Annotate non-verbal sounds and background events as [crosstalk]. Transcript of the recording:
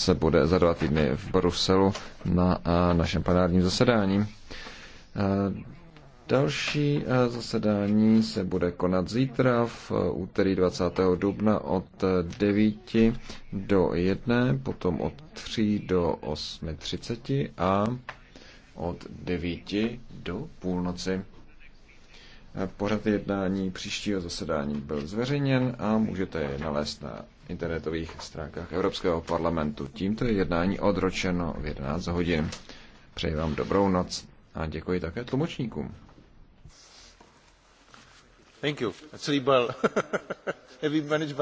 se bude za dva týdny v Bruselu na eh, našem panárním zasedání. Eh, další eh, zasedání se bude konat zítra v úterý 20. dubna od 9 do 1, potom od 3 do 8.30 a od 9 do půlnoci. Pořad jednání příštího zasedání byl zveřejněn a můžete je nalézt na internetových stránkách Evropského parlamentu. Tímto je jednání odročeno v 11 hodin. Přeji vám dobrou noc a děkuji také tlumočníkům. Thank you. [laughs] have managed by